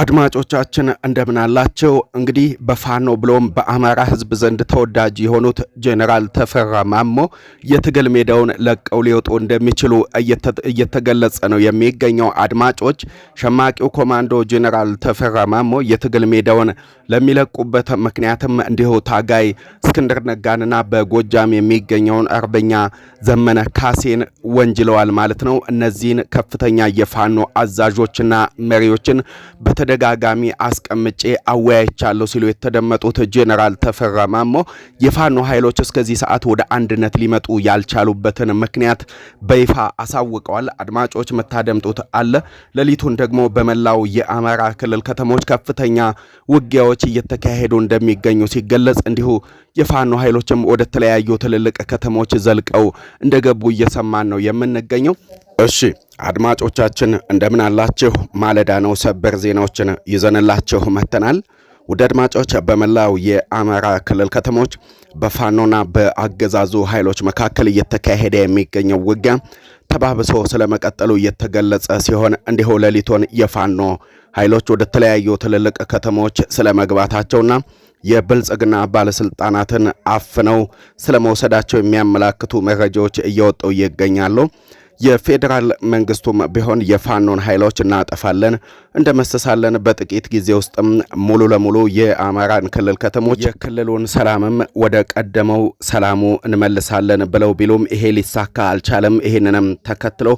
አድማጮቻችን እንደምን አላቸው። እንግዲህ በፋኖ ብሎም በአማራ ህዝብ ዘንድ ተወዳጅ የሆኑት ጄኔራል ተፈራ ማሞ የትግል ሜዳውን ለቀው ሊወጡ እንደሚችሉ እየተገለጸ ነው የሚገኘው። አድማጮች ሸማቂው ኮማንዶ ጄኔራል ተፈራ ማሞ የትግል ሜዳውን ለሚለቁበት ምክንያትም እንዲሁ ታጋይ እስክንድር ነጋንና በጎጃም የሚገኘውን አርበኛ ዘመነ ካሴን ወንጅለዋል ማለት ነው። እነዚህን ከፍተኛ የፋኖ አዛዦችና መሪዎችን በተ በተደጋጋሚ አስቀምጬ አወያይቻለሁ ሲሉ የተደመጡት ጄኔራል ተፈራ ማሞ የፋኖ ኃይሎች እስከዚህ ሰዓት ወደ አንድነት ሊመጡ ያልቻሉበትን ምክንያት በይፋ አሳውቀዋል። አድማጮች መታደምጡት አለ። ሌሊቱን ደግሞ በመላው የአማራ ክልል ከተሞች ከፍተኛ ውጊያዎች እየተካሄዱ እንደሚገኙ ሲገለጽ፣ እንዲሁ የፋኖ ኃይሎችም ወደ ተለያዩ ትልልቅ ከተሞች ዘልቀው እንደገቡ እየሰማን ነው የምንገኘው። እሺ አድማጮቻችን እንደምን አላችሁ? ማለዳ ነው። ሰበር ዜናዎችን ይዘንላችሁ መጥተናል። ውድ አድማጮች በመላው የአማራ ክልል ከተሞች በፋኖና በአገዛዙ ኃይሎች መካከል እየተካሄደ የሚገኘው ውጊያ ተባብሶ ስለመቀጠሉ እየተገለጸ ሲሆን እንዲሁ ሌሊቱን የፋኖ ኃይሎች ወደ ተለያዩ ትልልቅ ከተሞች ስለመግባታቸውና የብልጽግና ባለስልጣናትን አፍነው ስለመውሰዳቸው የሚያመላክቱ መረጃዎች እየወጡ ይገኛሉ። የፌዴራል መንግስቱም ቢሆን የፋኖን ኃይሎች እናጠፋለን፣ እንደመሰሳለን፣ በጥቂት ጊዜ ውስጥም ሙሉ ለሙሉ የአማራን ክልል ከተሞች የክልሉን ሰላምም ወደ ቀደመው ሰላሙ እንመልሳለን ብለው ቢሉም ይሄ ሊሳካ አልቻለም። ይህንንም ተከትሎ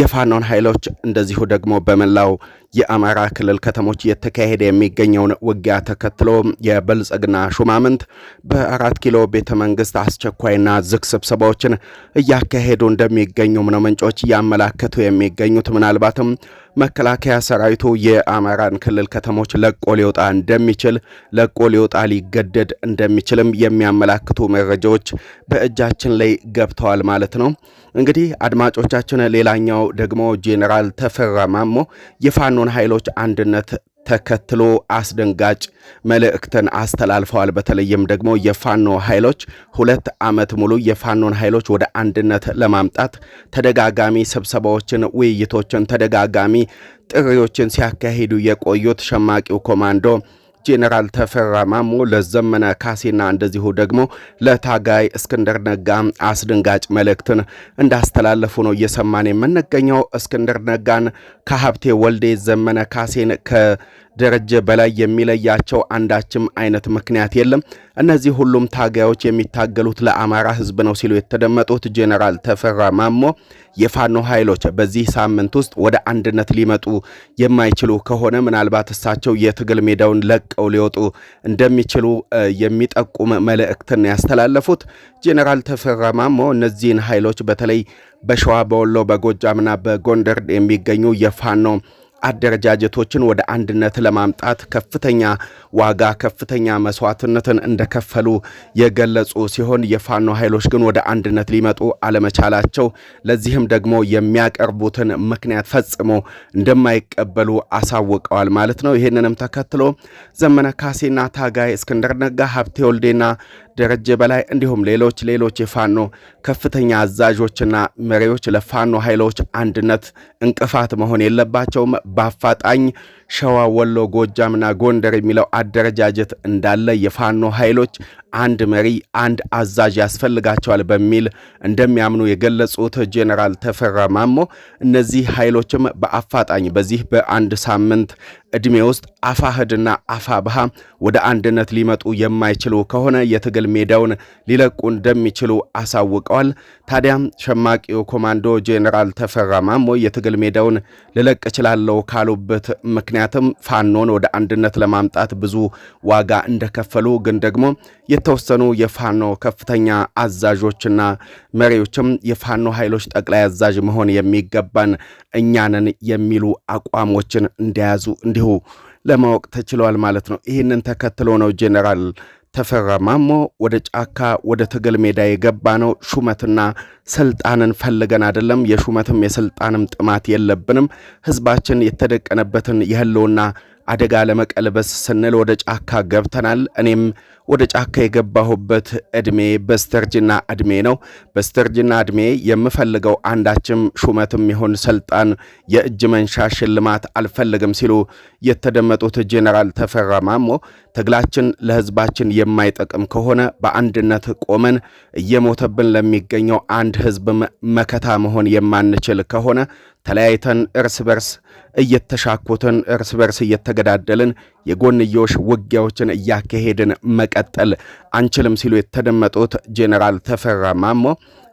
የፋኖን ኃይሎች እንደዚሁ ደግሞ በመላው የአማራ ክልል ከተሞች እየተካሄደ የሚገኘውን ውጊያ ተከትሎ የብልጽግና ሹማምንት በአራት ኪሎ ቤተ መንግስት አስቸኳይና ዝግ ስብሰባዎችን እያካሄዱ እንደሚገኙም ነው ምንጮች እያመላከቱ የሚገኙት ምናልባትም መከላከያ ሰራዊቱ የአማራን ክልል ከተሞች ለቆ ሊወጣ እንደሚችል ለቆ ሊወጣ ሊገደድ እንደሚችልም የሚያመላክቱ መረጃዎች በእጃችን ላይ ገብተዋል ማለት ነው። እንግዲህ አድማጮቻችን፣ ሌላኛው ደግሞ ጄኔራል ተፈራ ማሞ የፋኖን ኃይሎች አንድነት ተከትሎ አስደንጋጭ መልእክትን አስተላልፈዋል። በተለይም ደግሞ የፋኖ ኃይሎች ሁለት ዓመት ሙሉ የፋኖን ኃይሎች ወደ አንድነት ለማምጣት ተደጋጋሚ ስብሰባዎችን፣ ውይይቶችን፣ ተደጋጋሚ ጥሪዎችን ሲያካሂዱ የቆዩት ሸማቂው ኮማንዶ ጄኔራል ተፈራ ማሞ ለዘመነ ካሴና እንደዚሁ ደግሞ ለታጋይ እስክንድር ነጋ አስደንጋጭ መልእክትን እንዳስተላለፉ ነው እየሰማን የምንገኘው። እስክንድር ነጋን ከሀብቴ ወልዴ ዘመነ ካሴን ከ ደረጀ በላይ የሚለያቸው አንዳችም አይነት ምክንያት የለም። እነዚህ ሁሉም ታጋዮች የሚታገሉት ለአማራ ህዝብ ነው ሲሉ የተደመጡት ጄኔራል ተፈራ ማሞ የፋኖ ኃይሎች በዚህ ሳምንት ውስጥ ወደ አንድነት ሊመጡ የማይችሉ ከሆነ ምናልባት እሳቸው የትግል ሜዳውን ለቀው ሊወጡ እንደሚችሉ የሚጠቁም መልእክትን ያስተላለፉት ጄኔራል ተፈራ ማሞ እነዚህን ኃይሎች በተለይ በሸዋ፣ በወሎ፣ በጎጃምና በጎንደር የሚገኙ የፋኖ አደረጃጀቶችን ወደ አንድነት ለማምጣት ከፍተኛ ዋጋ ከፍተኛ መስዋዕትነትን እንደከፈሉ የገለጹ ሲሆን የፋኖ ኃይሎች ግን ወደ አንድነት ሊመጡ አለመቻላቸው ለዚህም ደግሞ የሚያቀርቡትን ምክንያት ፈጽሞ እንደማይቀበሉ አሳውቀዋል ማለት ነው። ይህንንም ተከትሎ ዘመነ ካሴና ታጋይ እስክንድር ነጋ፣ ሀብቴ ወልዴና ደረጀ በላይ እንዲሁም ሌሎች ሌሎች የፋኖ ከፍተኛ አዛዦችና መሪዎች ለፋኖ ኃይሎች አንድነት እንቅፋት መሆን የለባቸውም። በአፋጣኝ ሸዋ፣ ወሎ፣ ጎጃምና ጎንደር የሚለው አደረጃጀት እንዳለ የፋኖ ኃይሎች አንድ መሪ፣ አንድ አዛዥ ያስፈልጋቸዋል በሚል እንደሚያምኑ የገለጹት ጄኔራል ተፈራ ማሞ እነዚህ ኃይሎችም በአፋጣኝ በዚህ በአንድ ሳምንት ዕድሜ ውስጥ አፋህድና አፋብሃ ወደ አንድነት ሊመጡ የማይችሉ ከሆነ የትግል ሜዳውን ሊለቁ እንደሚችሉ አሳውቀዋል። ታዲያም ሸማቂው ኮማንዶ ጄኔራል ተፈራ ማሞ የትግል ሜዳውን ልለቅ እችላለሁ ካሉበት ምክንያት ምክንያትም ፋኖን ወደ አንድነት ለማምጣት ብዙ ዋጋ እንደከፈሉ ግን ደግሞ የተወሰኑ የፋኖ ከፍተኛ አዛዦችና መሪዎችም የፋኖ ኃይሎች ጠቅላይ አዛዥ መሆን የሚገባን እኛንን የሚሉ አቋሞችን እንደያዙ እንዲሁ ለማወቅ ተችሏል ማለት ነው። ይህንን ተከትሎ ነው ጄኔራል ተፈራ ማሞ ወደ ጫካ ወደ ትግል ሜዳ የገባ ነው። ሹመትና ስልጣንን ፈልገን አይደለም። የሹመትም የስልጣንም ጥማት የለብንም። ህዝባችን የተደቀነበትን የህልውና አደጋ ለመቀልበስ ስንል ወደ ጫካ ገብተናል። እኔም ወደ ጫካ የገባሁበት ዕድሜ በስተርጅና ዕድሜ ነው። በስተርጅና ዕድሜ የምፈልገው አንዳችም ሹመትም ይሁን ስልጣን፣ የእጅ መንሻ ሽልማት አልፈልግም ሲሉ የተደመጡት ጄኔራል ተፈራ ማሞ ትግላችን ለሕዝባችን የማይጠቅም ከሆነ በአንድነት ቆመን እየሞተብን ለሚገኘው አንድ ህዝብ መከታ መሆን የማንችል ከሆነ ተለያይተን እርስ በርስ እየተሻኮትን እርስ በርስ እየተገዳደልን የጎንዮሽ ውጊያዎችን እያካሄድን መቀጠል አንችልም ሲሉ የተደመጡት ጄኔራል ተፈራ ማሞ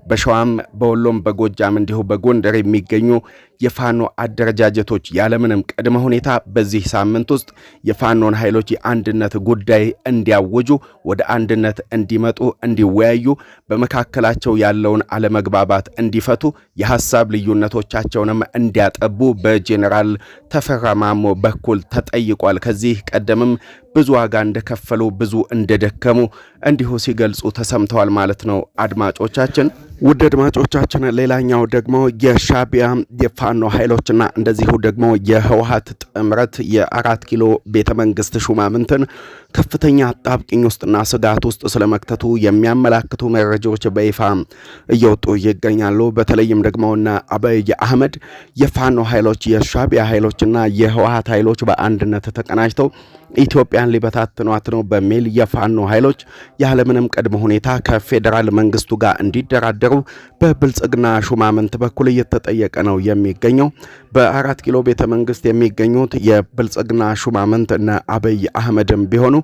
በሸዋም በወሎም በጎጃም እንዲሁ በጎንደር የሚገኙ የፋኖ አደረጃጀቶች ያለምንም ቅድመ ሁኔታ በዚህ ሳምንት ውስጥ የፋኖን ኃይሎች የአንድነት ጉዳይ እንዲያውጁ፣ ወደ አንድነት እንዲመጡ፣ እንዲወያዩ፣ በመካከላቸው ያለውን አለመግባባት እንዲፈቱ፣ የሐሳብ ልዩነቶቻቸውንም እንዲያጠቡ በጄኔራል ተፈራ ማሞ በኩል ተጠይቋል። ከዚህ ቀደምም ብዙ ዋጋ እንደከፈሉ ብዙ እንደደከሙ እንዲሁ ሲገልጹ ተሰምተዋል ማለት ነው። አድማጮቻችን ውድ አድማጮቻችን ሌላኛው ደግሞ የሻቢያ የፋ ፋኖ ኃይሎችና እንደዚሁ ደግሞ የህወሀት ጥምረት የአራት ኪሎ ቤተ መንግስት ሹማምንትን ከፍተኛ አጣብቅኝ ውስጥና ስጋት ውስጥ ስለመክተቱ የሚያመላክቱ መረጃዎች በይፋ እየወጡ ይገኛሉ። በተለይም ደግሞ እነ አብይ አህመድ የፋኖ ኃይሎች፣ የሻቢያ ኃይሎችና የህወሀት ኃይሎች በአንድነት ተቀናጅተው ኢትዮጵያን ሊበታትኗት ነው በሚል የፋኖ ኃይሎች ያለምንም ቅድመ ሁኔታ ከፌዴራል መንግስቱ ጋር እንዲደራደሩ በብልጽግና ሹማምንት በኩል እየተጠየቀ ነው የሚገኘው። በአራት ኪሎ ቤተ መንግስት የሚገኙት የብልጽግና ሹማምንት እነ አብይ አህመድም ቢሆኑ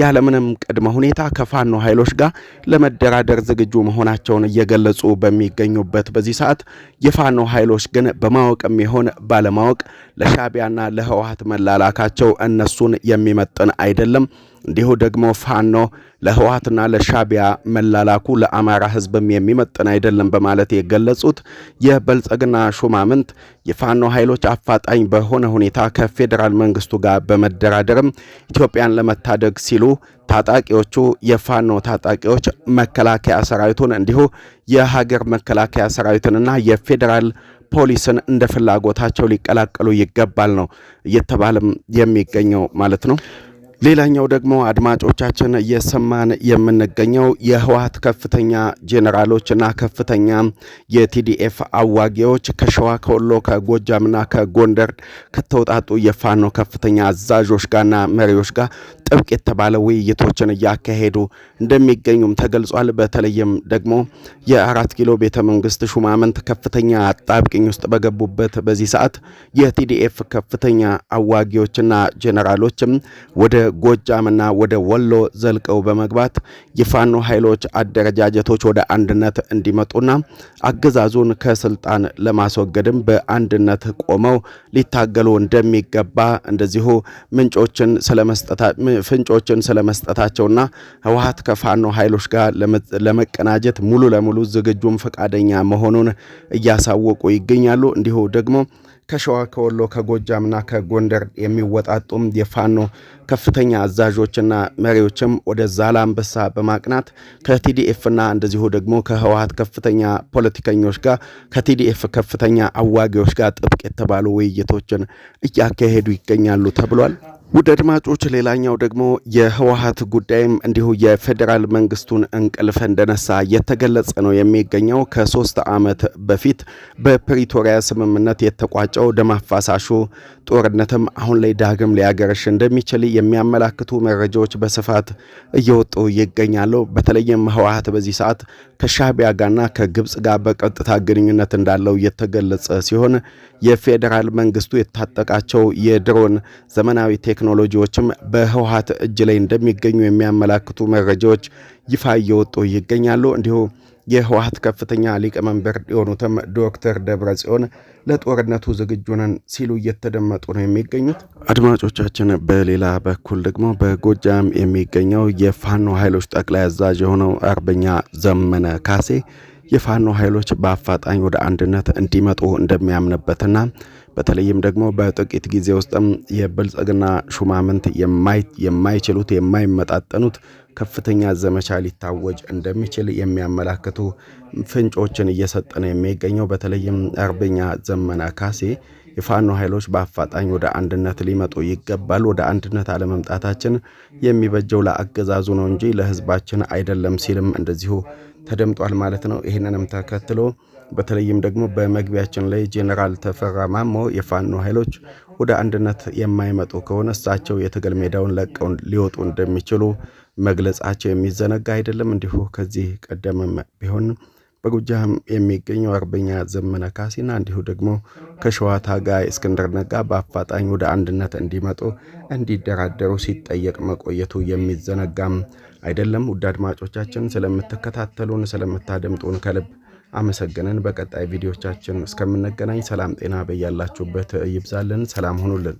ያለምንም ቅድመ ሁኔታ ከፋኖ ኃይሎች ጋር ለመደራደር ዝግጁ መሆናቸውን እየገለጹ በሚገኙበት በዚህ ሰዓት የፋኖ ኃይሎች ግን በማወቅም የሚሆን ባለማወቅ ለሻቢያና ለህወሀት መላላካቸው እነሱን የሚመጥን አይደለም። እንዲሁ ደግሞ ፋኖ ለህወሓትና ለሻቢያ መላላኩ ለአማራ ህዝብም የሚመጥን አይደለም በማለት የገለጹት የበልጸግና ሹማምንት የፋኖ ኃይሎች አፋጣኝ በሆነ ሁኔታ ከፌዴራል መንግስቱ ጋር በመደራደርም ኢትዮጵያን ለመታደግ ሲሉ ታጣቂዎቹ የፋኖ ታጣቂዎች መከላከያ ሰራዊቱን እንዲሁ የሀገር መከላከያ ሰራዊትንና የፌዴራል ፖሊስን እንደ ፍላጎታቸው ሊቀላቀሉ ይገባል ነው እየተባለም የሚገኘው ማለት ነው። ሌላኛው ደግሞ አድማጮቻችን እየሰማን የምንገኘው የህወሓት ከፍተኛ ጄኔራሎችና ከፍተኛ የቲዲኤፍ አዋጊዎች ከሸዋ፣ ከወሎ፣ ከጎጃምና ከጎንደር ከተውጣጡ የፋኖ ከፍተኛ አዛዦች ጋርና መሪዎች ጋር ጥብቅ የተባለ ውይይቶችን እያካሄዱ እንደሚገኙም ተገልጿል። በተለይም ደግሞ የአራት ኪሎ ቤተ መንግስት ሹማምንት ከፍተኛ አጣብቅኝ ውስጥ በገቡበት በዚህ ሰዓት የቲዲኤፍ ከፍተኛ አዋጊዎችና ጄኔራሎችም ወደ ጎጃምና ወደ ወሎ ዘልቀው በመግባት የፋኖ ኃይሎች አደረጃጀቶች ወደ አንድነት እንዲመጡና አገዛዙን ከስልጣን ለማስወገድም በአንድነት ቆመው ሊታገሉ እንደሚገባ እንደዚሁ ምንጮችን ስለመስጠታ ፍንጮችን ስለመስጠታቸውና ህወሀት ከፋኖ ኃይሎች ጋር ለመቀናጀት ሙሉ ለሙሉ ዝግጁም ፈቃደኛ መሆኑን እያሳወቁ ይገኛሉ። እንዲሁ ደግሞ ከሸዋ ከወሎ ከጎጃምና ከጎንደር የሚወጣጡም የፋኖ ከፍተኛ አዛዦችና መሪዎችም ወደ ዛላምበሳ በማቅናት ከቲዲኤፍና እንደዚሁ ደግሞ ከህወሀት ከፍተኛ ፖለቲከኞች ጋር ከቲዲኤፍ ከፍተኛ አዋጊዎች ጋር ጥብቅ የተባሉ ውይይቶችን እያካሄዱ ይገኛሉ ተብሏል። ውድ አድማጮች ሌላኛው ደግሞ የህወሀት ጉዳይም እንዲሁ የፌዴራል መንግስቱን እንቅልፍ እንደነሳ እየተገለጸ ነው የሚገኘው። ከሶስት ዓመት በፊት በፕሪቶሪያ ስምምነት የተቋጨው ደም አፋሳሹ ጦርነትም አሁን ላይ ዳግም ሊያገረሽ እንደሚችል የሚያመላክቱ መረጃዎች በስፋት እየወጡ ይገኛሉ። በተለይም ህወሀት በዚህ ሰዓት ከሻዕቢያ ጋርና ከግብፅ ጋር በቀጥታ ግንኙነት እንዳለው እየተገለጸ ሲሆን የፌዴራል መንግስቱ የታጠቃቸው የድሮን ዘመናዊ ቴክኖ ቴክኖሎጂዎችም በህወሀት እጅ ላይ እንደሚገኙ የሚያመላክቱ መረጃዎች ይፋ እየወጡ ይገኛሉ። እንዲሁ የህወሀት ከፍተኛ ሊቀመንበር የሆኑትም ዶክተር ጽዮን ለጦርነቱ ዝግጁ ነን ሲሉ እየተደመጡ ነው የሚገኙት። አድማጮቻችን፣ በሌላ በኩል ደግሞ በጎጃም የሚገኘው የፋኖ ኃይሎች ጠቅላይ አዛዥ የሆነው አርበኛ ዘመነ ካሴ የፋኖ ኃይሎች በአፋጣኝ ወደ አንድነት እንዲመጡ እንደሚያምንበትና በተለይም ደግሞ በጥቂት ጊዜ ውስጥም የብልጽግና ሹማምንት የማይችሉት የማይመጣጠኑት ከፍተኛ ዘመቻ ሊታወጅ እንደሚችል የሚያመላክቱ ፍንጮችን እየሰጠ ነው የሚገኘው። በተለይም አርበኛ ዘመነ ካሴ የፋኖ ኃይሎች በአፋጣኝ ወደ አንድነት ሊመጡ ይገባል፣ ወደ አንድነት አለመምጣታችን የሚበጀው ለአገዛዙ ነው እንጂ ለሕዝባችን አይደለም ሲልም እንደዚሁ ተደምጧል ማለት ነው። ይህንንም ተከትሎ በተለይም ደግሞ በመግቢያችን ላይ ጄኔራል ተፈራ ማሞ የፋኖ ኃይሎች ወደ አንድነት የማይመጡ ከሆነ እሳቸው የትግል ሜዳውን ለቀው ሊወጡ እንደሚችሉ መግለጻቸው የሚዘነጋ አይደለም። እንዲሁ ከዚህ ቀደምም ቢሆን በጎጃም የሚገኘው አርበኛ ዘመነ ካሴና እንዲሁ ደግሞ ከሸዋ ታጋይ እስክንድር ነጋ በአፋጣኝ ወደ አንድነት እንዲመጡ እንዲደራደሩ ሲጠየቅ መቆየቱ የሚዘነጋም አይደለም። ውድ አድማጮቻችን ስለምትከታተሉን ስለምታደምጡን ከልብ አመሰግነን በቀጣይ ቪዲዮቻችን እስከምንገናኝ ሰላም ጤና በያላችሁበት ይብዛልን። ሰላም ሁኑልን።